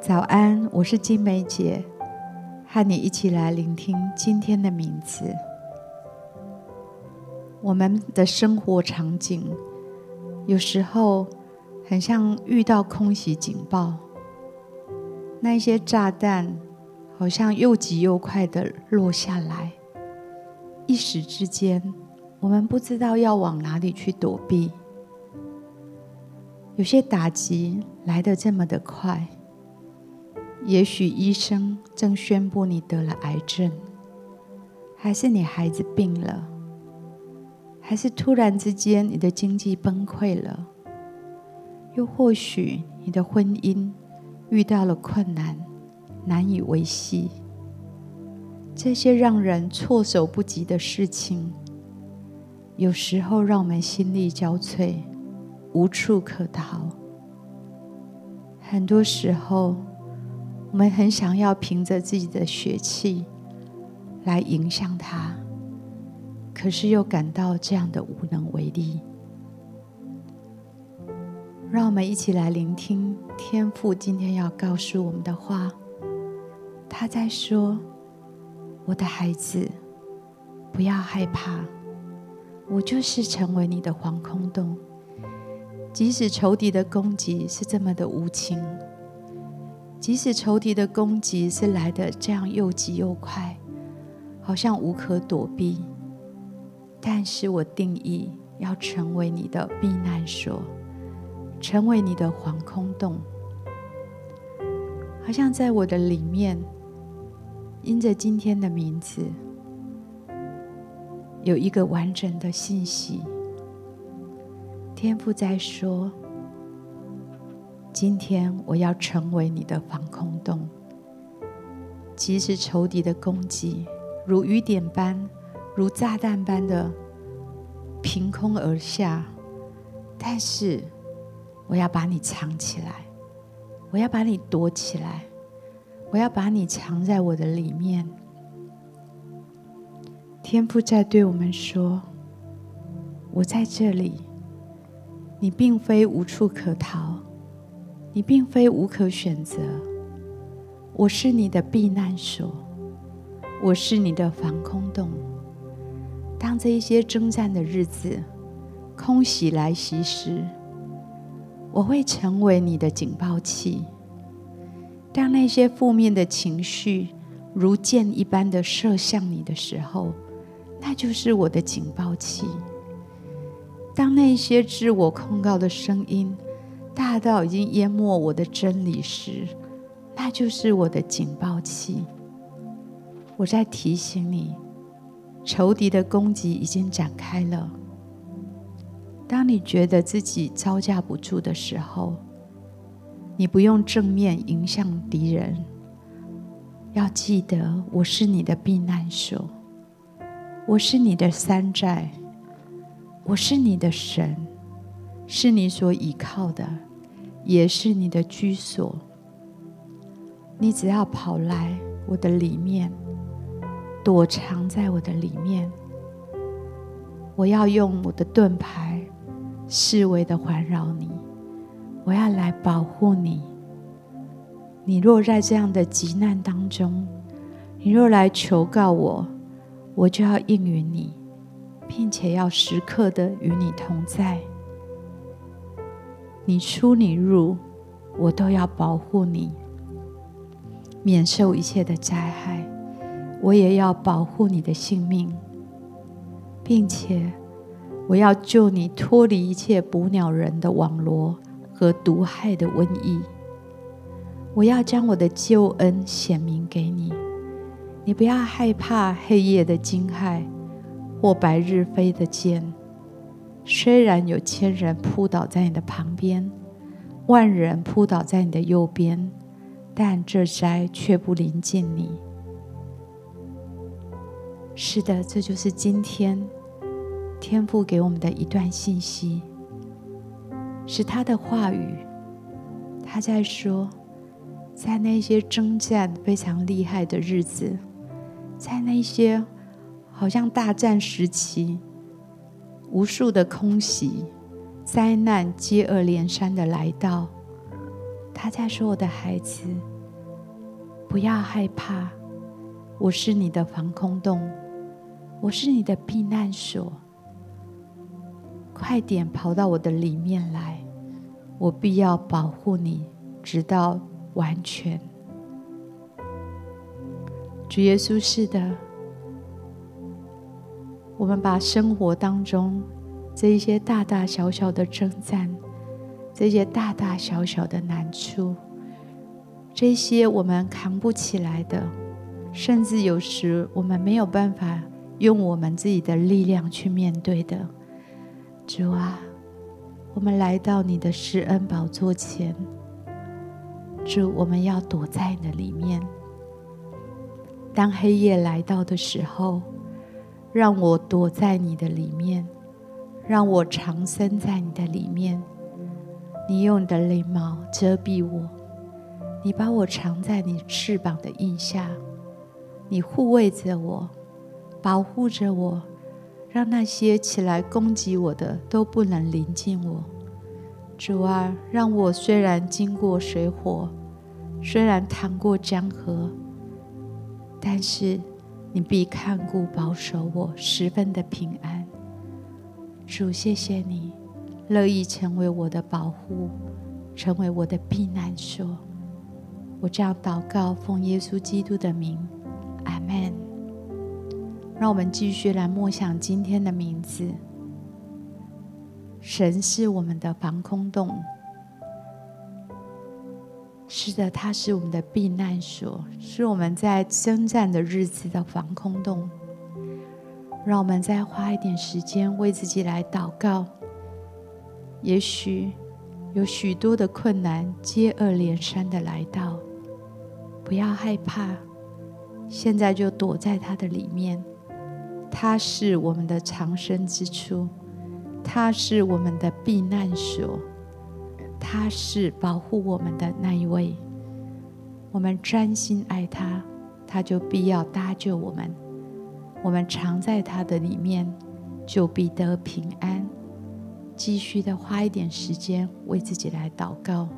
早安，我是晶玫姊，和你一起來聆聽今天的名字。我們的生活場景有時候很像遇到空襲警報，那一些炸彈好像又急又快地落下來，一時之間，我們不知道要往哪裡去躲避。有些打擊來得這麼的快。也許醫生正宣布你得了癌症，還是你孩子病了，還是突然之間你的經濟崩潰了，又或許你的婚姻遇到了困難，難以維繫。這些讓人措手不及的事情，有時候讓我們心力交瘁，無處可逃。很多時候，我們很想要憑着自己的血氣來迎向他，可是又感到這樣的無能為力。讓我們一起來聆聽天父今天要告訴我們的話。他在說：“我的孩子，不要害怕，我就是成為你的防空洞，即使仇敵的攻擊是這麼的無情。”即使仇敵的攻擊是來得這樣又急又快，好像無可躲避，但是我定義要成為你的避難所，成為你的防空洞。好像在我的裡面，因着今天的名字，有一個完整的信息。天父在說。今天我要成為你的防空洞，即使仇敵的攻擊如雨點般，如炸彈般的憑空而下，但是我要把你藏起來，我要把你躲起來，我要把你藏在我的裡面。天父在對我們說：“我在這裡，你並非無處可逃。”你並非無可選擇，我是你的避難所，我是你的防空洞。當這一些征戰的日子，空襲來襲時，我會成為你的警報器。當那些負面的情緒如箭一般的射向你的時候，那就是我的警報器。當那些自我控告的聲音大到已經淹沒我的真理時，那就是我的警報器。我在提醒你，仇敵的攻擊已經展開了。當你覺得自己招架不住的時候，你不用正面迎向敵人。要記得，我是你的避難所，我是你的山寨，我是你的神。是你所倚靠的，也是你的居所。你只要跑來我的裡面，躲藏在我的裡面，我要用我的盾牌，四圍地環繞你，我要來保護你。你若在這樣的急難當中，你若來求告我，我就要應允你，並且要時刻的與你同在。你出你入，我都要保護你，免受一切的災害。我也要保護你的性命，並且我要救你脫離一切捕鳥人的網羅和毒害的瘟疫。我要將我的救恩顯明給你，你不要害怕黑夜的驚駭或白日飛的箭。雖然有千人仆倒在你的旁邊，萬人仆倒在你的右邊，但這災卻不臨近你。是的，這就是今天天父給我們的一段信息，是他的話語，他在說，在那些爭戰非常厲害的日子，在那些好像大戰時期。無數的空襲、災難接二連三的來到，他在說：“我的孩子，不要害怕，我是你的防空洞，我是你的避難所，快點跑到我的裡面來，我必要保護你，直到完全。”主耶穌是的。我們把生活當中這一些大大小小的爭戰，這些大大小小的難處，這些我們扛不起來的，甚至有時我們沒有辦法用我們自己的力量去面對的，主啊，我們來到你的施恩寶座前，主，我們要躲在那裡面，當黑夜來到的時候。讓我躲在你的裡面，讓我藏身在你的裡面。你用你的翎毛遮蔽我，你把我藏在你翅膀的蔭下，你護衛着我，保護着我，讓那些起來攻擊我的都不能臨近我。主啊，讓我雖然經過水火，雖然趟過江河，但是。你必看顧保守我，十分的平安。主，謝謝你樂意成為我的保護，成為我的避難所。我這樣禱告，奉耶穌基督的名，阿門。讓我們繼續來默想今天的名字。神是我們的防空洞。是的，它是我們的避難所，是我們在征戰的日子的防空洞。讓我們再花一點時間為自己來禱告。也許有許多的困難接二連三的來到，不要害怕，現在就躲在他的裡面。它是我們的藏身之處，它是我們的避難所。他是保護我們的那一位，我們專心愛他，他就必要搭救我們。我們常在他的裡面，就必得平安。繼續的花一點時間為自己來禱告。